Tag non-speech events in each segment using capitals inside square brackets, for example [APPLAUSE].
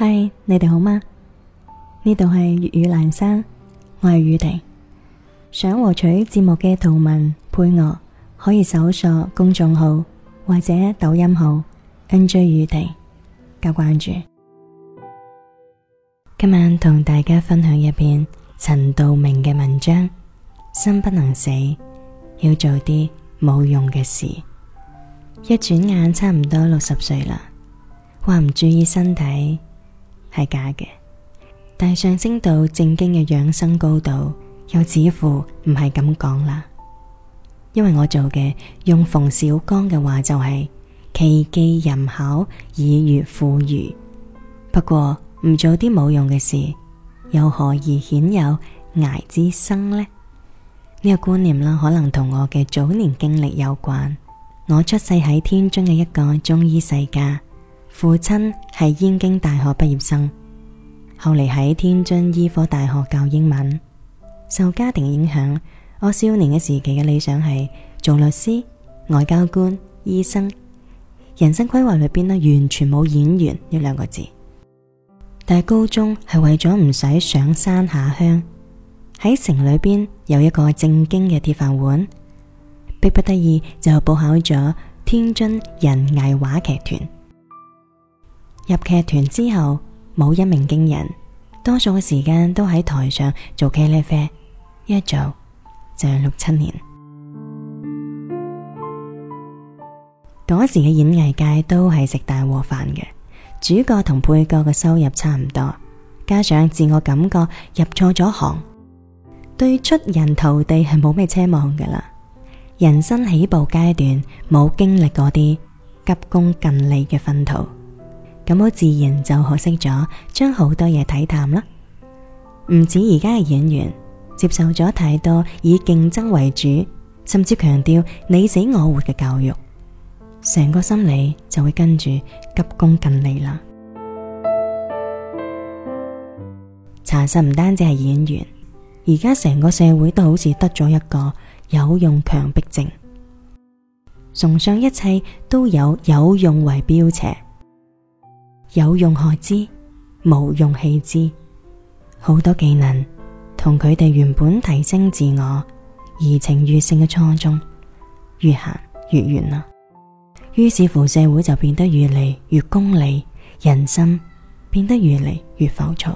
嗨，Hi, 你哋好嗎？呢度係粵語蘭生，我係宇婷。想獲取節目嘅圖文配樂，可以搜索公眾號或者抖音號 NJ 宇婷加關注。今晚同大家分享一篇陳道明嘅文章：心不能死，要做啲冇用嘅事。一轉眼差唔多六十歲啦，話唔注意身體，係假嘅，但係上升到正經嘅養生高度，又似乎唔係咁講啦。因為我做嘅，用馮小剛嘅話就係、是、奇技淫巧以悅婦孺，不過唔做啲冇用嘅事，又何以遣有涯之生呢？呢、這個觀念啦，可能同我嘅早年經歷有關。我出世喺天津嘅一個中醫世家。父親係燕京大學畢業生，後嚟喺天津醫科大學教英文。受家庭影響，我少年嘅時期嘅理想係做律師、外交官、醫生。人生規劃裏邊咧，完全冇演員呢兩個字。但係高中係為咗唔使上山下鄉，喺城裏邊有一個正經嘅鐵飯碗，迫不得已就報考咗天津人藝話劇團。入劇團之後冇一鳴驚人，多數嘅時間都喺台上做茄喱啡，一做就係六七年。嗰 [MUSIC] 時嘅演藝界都係食大鍋飯嘅，主角同配角嘅收入差唔多，加上自我感覺入錯咗行，對出人頭地係冇咩奢望噶啦。人生起步階段冇經歷嗰啲急功近利嘅熏陶。咁我自然就學識咗，將好多嘢睇淡啦。唔止而家嘅演員接受咗太多以競爭為主，甚至強調你死我活嘅教育，成個心理就會跟住急功近利啦。查實唔單止係演員，而家成個社會都好似得咗一個有用強迫症，崇尚一切都以有用為標尺。有用學之，無用棄之，好多技能同佢哋原本提升自我、怡情悅性嘅初衷越行越遠啦。於是乎，社會就變得越嚟越功利，人生變得越嚟越浮躁。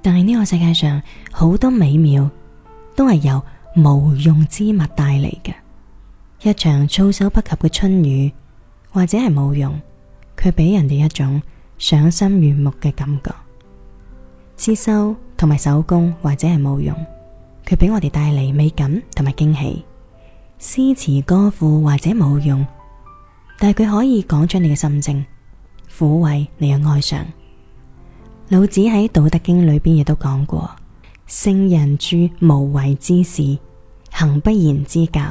但係呢個世界上好多美妙都係由無用之物帶嚟嘅，一場措手不及嘅春雨或者係無用。佢俾人哋一種賞心悅目嘅感覺，刺繡同埋手工或者係冇用。佢俾我哋帶嚟美感同埋驚喜。詩詞歌賦或者冇用。但係佢可以講出你嘅心聲，撫慰你嘅哀傷。老子喺《道德經》裏邊亦都講過：聖人處無為之事，行不言之教。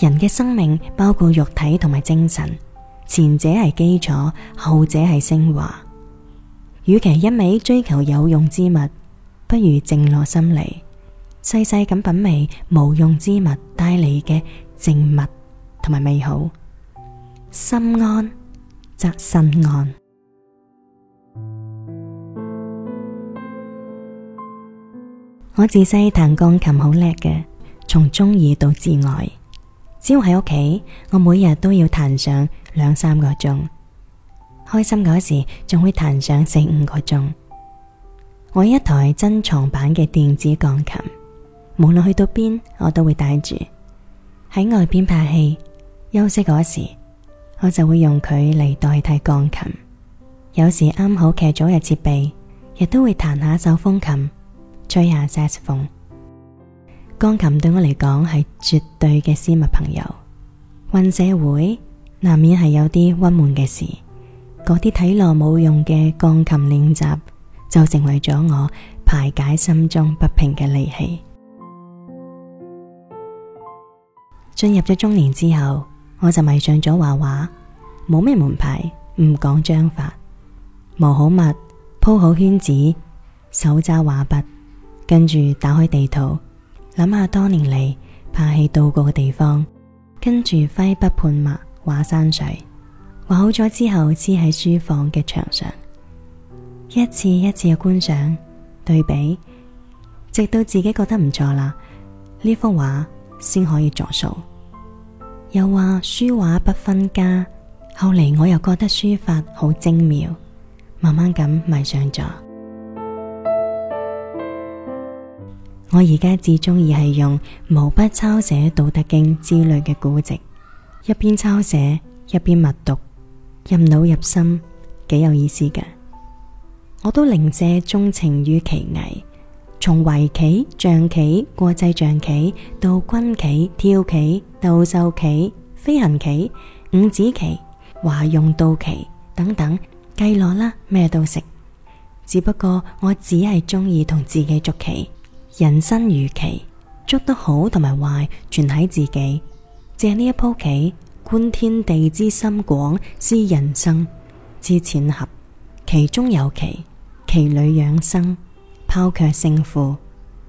人嘅生命包括肉體同埋精神。前者係基礎，後者係升華。與其一味追求有用之物，不如靜落心嚟，細細咁品味無用之物帶嚟嘅靜謐同埋美好。心安則身安。 [MUSIC] 我自細彈鋼琴好叻嘅，從中意到至愛。只要喺屋企，我每日都要彈上兩三個鐘，開心嗰時仲會彈上四五個鐘。我一台珍藏版嘅電子鋼琴，無論去到邊，我都會帶住。喺外邊拍戲，休息嗰時，我就會用佢嚟代替鋼琴。有時啱好劇組有設備，亦都會彈下手風琴，吹下薩克斯風鋼琴對我嚟講係絕對嘅私密朋友。混社會難免係有啲鬱悶嘅事，嗰啲睇落冇用嘅鋼琴練習就成為咗我排解心中不平嘅利器。進入咗中年之後，我就迷上咗畫畫，冇咩門派，唔講章法，磨好墨，鋪好宣紙，手揸畫筆，跟住打開地圖。諗下多年嚟拍戲到過嘅地方，跟住揮筆潑墨畫山水，畫好咗之後黐喺書房嘅牆上，一次一次嘅觀賞對比，直到自己覺得唔錯啦，呢幅畫先可以作數。又話書畫不分家，後嚟我又覺得書法好精妙，慢慢咁迷上咗。我而家至中意係用毛筆抄寫《道德經》之類嘅古籍，一邊抄寫一邊默讀，入腦入心，幾有意思嘅。我都零舍鍾情於棋藝，從圍棋、象棋、國際象棋到軍棋、跳棋、鬥獸棋、飛行棋、五子棋、華容道棋等等，計落啦，咩都識。只不過我只係中意同自己捉棋。人生如棋，捉得好同埋壞，全喺自己。借呢一鋪棋，觀天地之深廣，思人生之淺狹。棋中有棋，棋裏養生，拋卻勝負，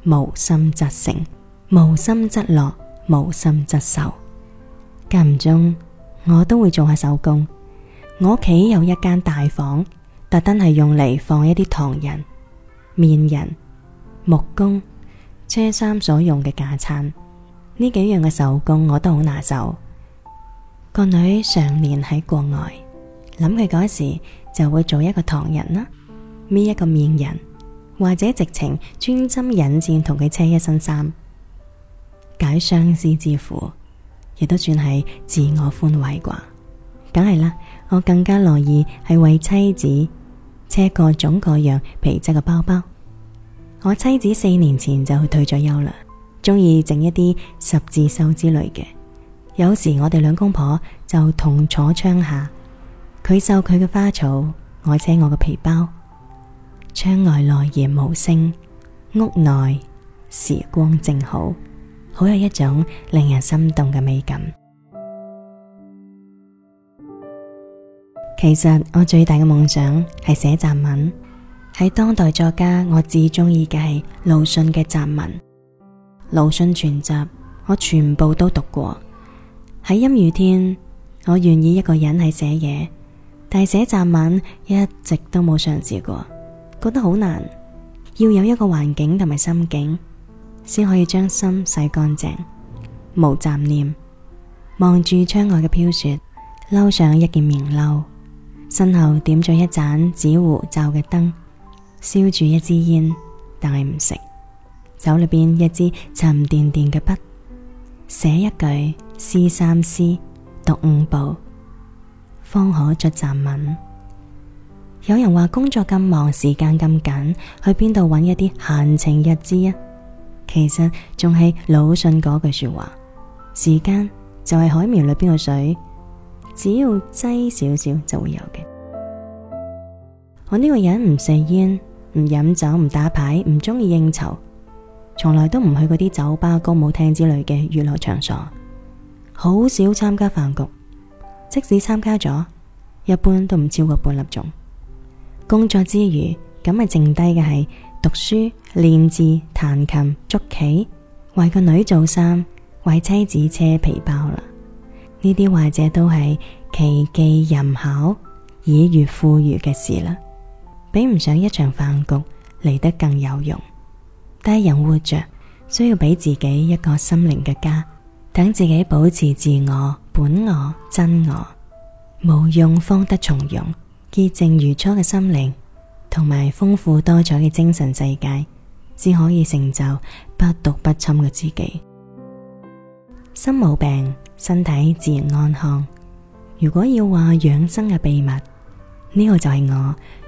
無心則勝，無心則樂，無心則壽。間唔中，我都會做下手工。我屋企有一間大房，特登係用嚟放一啲糖人、麵人、木工。車衫所用嘅架撐，呢幾樣嘅手工我都好拿手。個女常年喺國外，諗佢嗰時就會做一個糖人啦，搣一個麵人，或者直情穿針引線同佢車一身衫，解相思之苦，亦都算係自我寬慰啩。梗係啦，我更加樂意係為妻子車各種各樣皮質嘅包包。我妻子四年前就退咗休啦，中意整一啲十字繡之類嘅。有時我哋兩公婆就同坐窗下，佢繡佢嘅花草，我扯我嘅皮包。窗外落葉無聲，屋內時光正好，好有一種令人心動嘅美感。其實我最大嘅夢想係寫雜文。喺當代作家，我最中意嘅係魯迅嘅雜文《魯迅全集》，我全部都讀過。喺陰雨天，我願意一個人喺寫嘢，但係寫雜文一直都冇嘗試過，覺得好難。要有一個環境同埋心境，先可以將心洗乾淨，無雜念，望住窗外嘅飄雪，撈上一件棉褸，身後點咗一盞紙糊罩嘅燈。燒住一支煙，但係唔食。手裏邊一支沉甸甸嘅筆，寫一句，思三思，踱五步」，方可作雜文。有人話工作咁忙，時間咁緊，去邊度搵一啲閒情逸致啊？其實仲係魯迅嗰句說話：時間就係海綿裏邊嘅水，只要擠少少就會有嘅。我呢個人唔食煙。唔飲酒，唔打牌，唔中意應酬，從來都唔去嗰啲酒吧、歌舞廳之類嘅娛樂場所，好少參加飯局。即使參加咗，一般都唔超過半粒鐘。工作之餘，咁係剩低嘅係讀書、練字、彈琴、捉棋，為個女做衫，為妻子車皮包啦。呢啲或者都係奇技淫巧、以悅婦孺嘅事啦。比唔上一場飯局嚟，得更有用。低人活着需要俾自己一個心靈嘅家，等自己保持自我、本我、真我，無用方得從容、潔淨如初嘅心靈，同埋豐富多彩嘅精神世界，只可以成就百毒不侵嘅自己。心冇病，身體自然安康。如果要話養生嘅秘密，呢個就係我。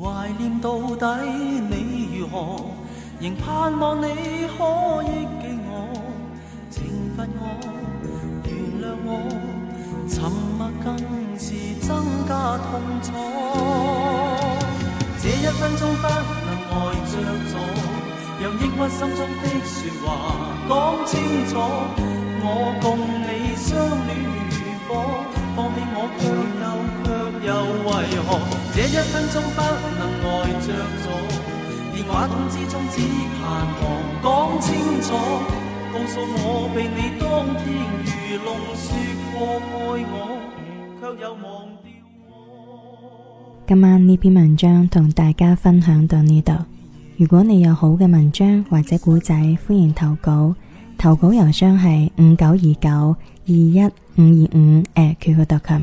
懷念到底你如何，仍盼望你可憶記我，懲罰我，原諒我，沉默更是增加痛楚。 [NOISE] 這一分鐘不能呆着坐，讓抑鬱心中的説話講清楚，我共你相戀如火，放棄我卻又。又為何？這一分鐘不能着咗，我我我，中只盼望講清楚，告訴我被你當天愚弄，說過愛我，卻又忘掉我。今晚呢篇文章同大家分享到呢度。如果你有好嘅文章或者故仔，歡迎投稿。投稿郵箱係五九二九二一五二五，誒，qq.com。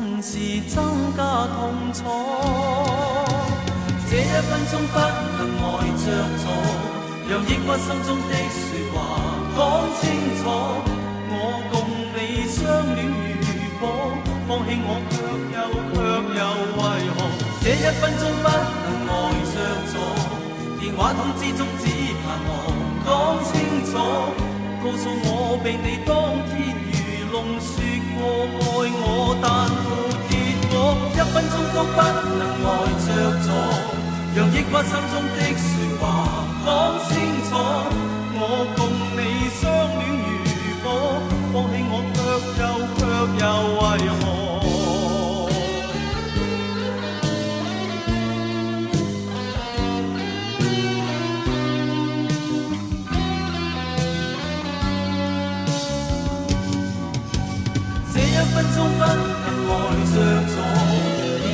[MUSIC] 是增加痛楚，這一分鐘不能愛着坐，讓抑鬱心中的説話講清楚。我共你相戀如火，放棄我卻又卻又為何？這一分鐘不能愛着坐，電話筒之中只盼望講清楚，告訴我被你當天如龍説過愛我，但。一分鐘都不能呆着坐，讓抑鬱心中的説話講清楚。我共你相戀如火，放棄我卻又卻又為何？這一分鐘不。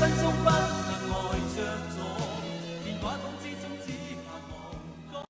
分鐘吧。